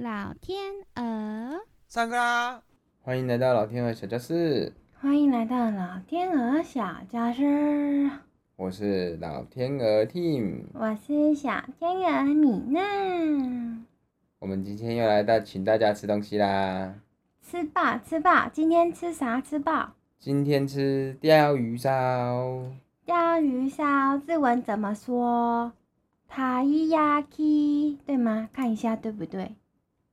老天鵝，上課啦！歡迎來到老天鵝小教室。歡迎來到老天鵝小教室。我是老天鵝 team，我是小天鵝米娜。我們今天又來到請大家吃東西啦！吃吧吃吧，今天吃啥吃吧？今天吃鯛魚燒。鯛魚燒日文怎麼說？Taiyaki 對嗎？看一下對不對。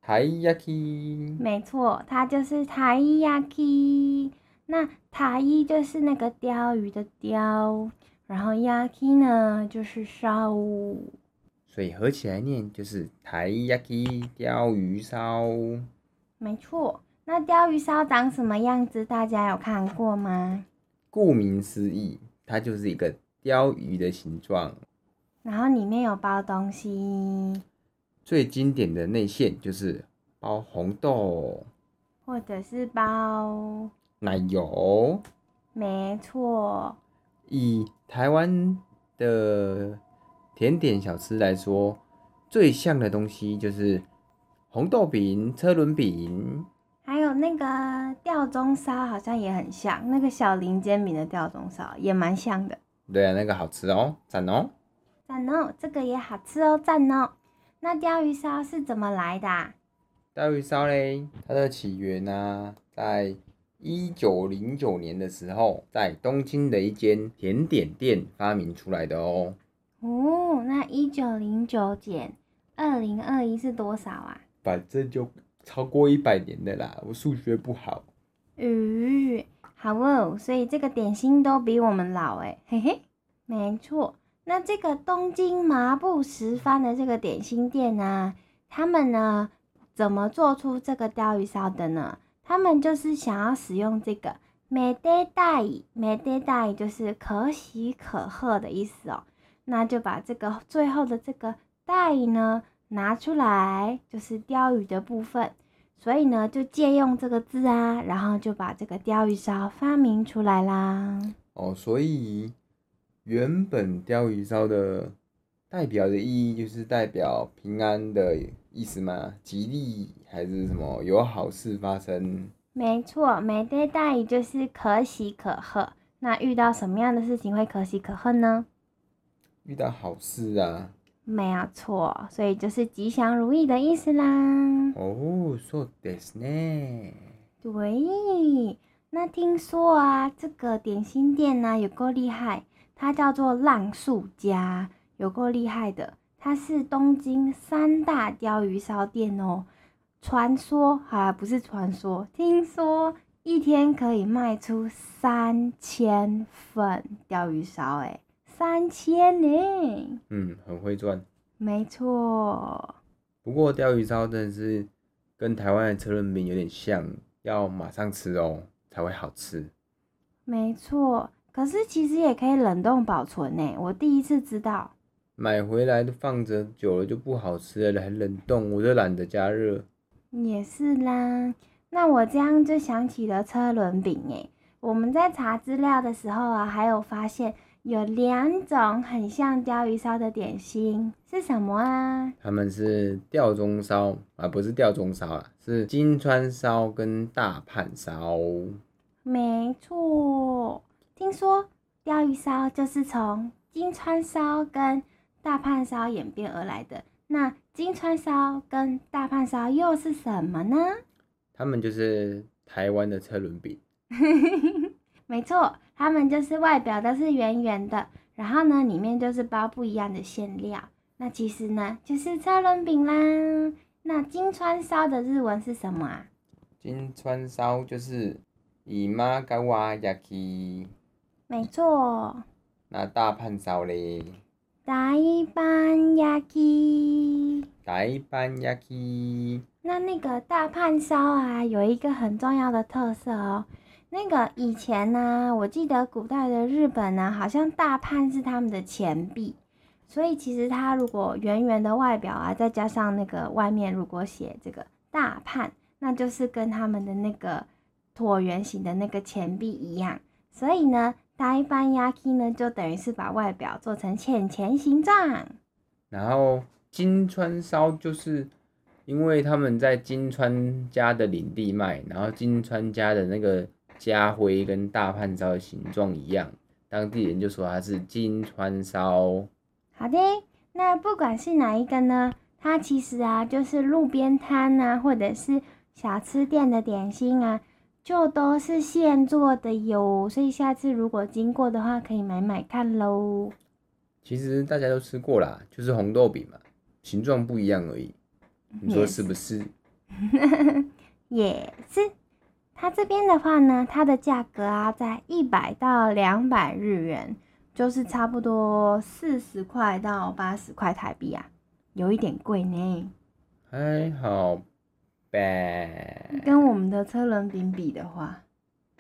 台呀 k e，沒錯，它就是台呀 kie。那台就是那個鯛魚的鯛，然後呀 k e 呢就是燒，所以合起來念就是台呀 k e 鯛魚燒。沒錯，那鯛魚燒長什麼樣子？大家有看過嗎？顧名思義，它就是一個鯛魚的形狀，然後裡面有包東西。最經典的內餡就是包紅豆，或者是包奶油，沒錯。以台灣的甜點小吃來說，最像的東西就是紅豆餅、車輪餅，還有那個吊鐘燒，好像也很像。那個小林煎餅的吊鐘燒也蠻像的。對啊，那個好吃哦，讚哦！讚哦，這個也好吃哦，讚哦！那鯛魚燒是怎麼來的啊？鯛魚燒嘞，它的起源呢，啊，在一九零九年的時候，在東京的一間甜點店發明出來的哦、喔。哦，那一九零九減二零二一是多少啊？反正就超過一百年的啦，我數學不好。嗯，好哦，所以這個點心都比我們老哎、欸，嘿嘿，沒錯。那這個東京麻布十番的這個點心店啊，他們呢怎麼做出這個鯛魚燒的呢？他們就是想要使用這個“美得大意”，“美得大意”就是可喜可賀的意思哦、喔。那就把這個最後的這個呢“大意”呢拿出來，就是鯛魚的部分，所以呢就借用這個字啊，然後就把這個鯛魚燒發明出來啦。哦，所以。原本鯛魚燒的代表的意義就是代表平安的意思嘛，吉利還是什麼？有好事發生？沒錯，沒釣大魚就是可喜可賀。那遇到什麼樣的事情會可喜可賀呢？遇到好事啊！沒有錯，所以就是吉祥如意的意思啦。哦，說的是呢。對，那聽說啊，這個點心店呢、啊、有夠厲害。它叫做浪數家，有夠厲害的。它是東京三大鯛魚燒店哦。傳說，哎，不是傳說，聽說一天可以賣出三千份鯛魚燒，哎，三千呢。嗯，很會賺。沒錯。不過鯛魚燒真的是跟台灣的車輪餅有點像，要馬上吃哦，才會好吃。沒錯。可是其實也可以冷凍保存呢，我第一次知道。買回來的放着久了就不好吃了，還冷凍，我都懶得加熱。也是啦，那我這樣就想起了車輪餅哎。我們在查資料的時候啊，還有發現有兩種很像鯛魚燒的點心，是什麼啊？他們是吊鐘燒啊，不是吊鐘燒啊，是今川燒跟大判燒。沒錯。聽說鯛魚燒就是從金川燒跟大胖燒演變而來的。那金川燒跟大胖燒又是什麼呢？他們就是台灣的車輪餅。 沒錯，他們就是外表都是圓圓的，然後呢，裡面就是包不一樣的餡料。那其實呢，就是車輪餅啦。那金川燒的日文是什麼啊？金川燒就是今川焼き沒錯，那大判燒嘞？大判焼き。大判焼き。那那個大判燒啊，有一個很重要的特色哦。那個以前呢、啊，我記得古代的日本呢、啊，好像大判是他們的錢幣，所以其實它如果圓圓的外表啊，再加上那個外面如果寫這個大判，那就是跟他們的那個橢圓形的那個錢幣一樣，所以呢。Taiyaki 呢，就等於是把外表做成淺淺形狀。然後今川燒，就是因為他們在今川家的領地賣，然後今川家的那個家徽跟大判燒的形狀一樣，當地人就說它是今川燒。好的，那不管是哪一個呢，它其實啊，就是路邊攤啊，或者是小吃店的點心啊。就都是現做的喲，所以下次如果經過的話，可以買買看嘍。其實大家都吃過啦，就是紅豆餅嘛，形狀不一樣而已。你說是不是？也是。它這邊的話呢，它的價格啊，在一百到兩百日元，就是差不多四十塊到八十塊台幣啊，有一點貴呢。還好吧。跟我們的車輪餅比的話，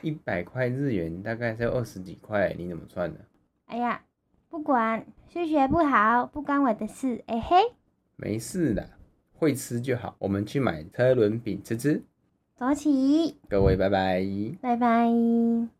一百塊日元大概是二十幾塊欸。你怎麼算的啊？哎呀，不管，數學不好不關我的事，哎嘿嘿。沒事的，會吃就好。我們去買車輪餅吃吃。走起。各位拜拜。拜拜。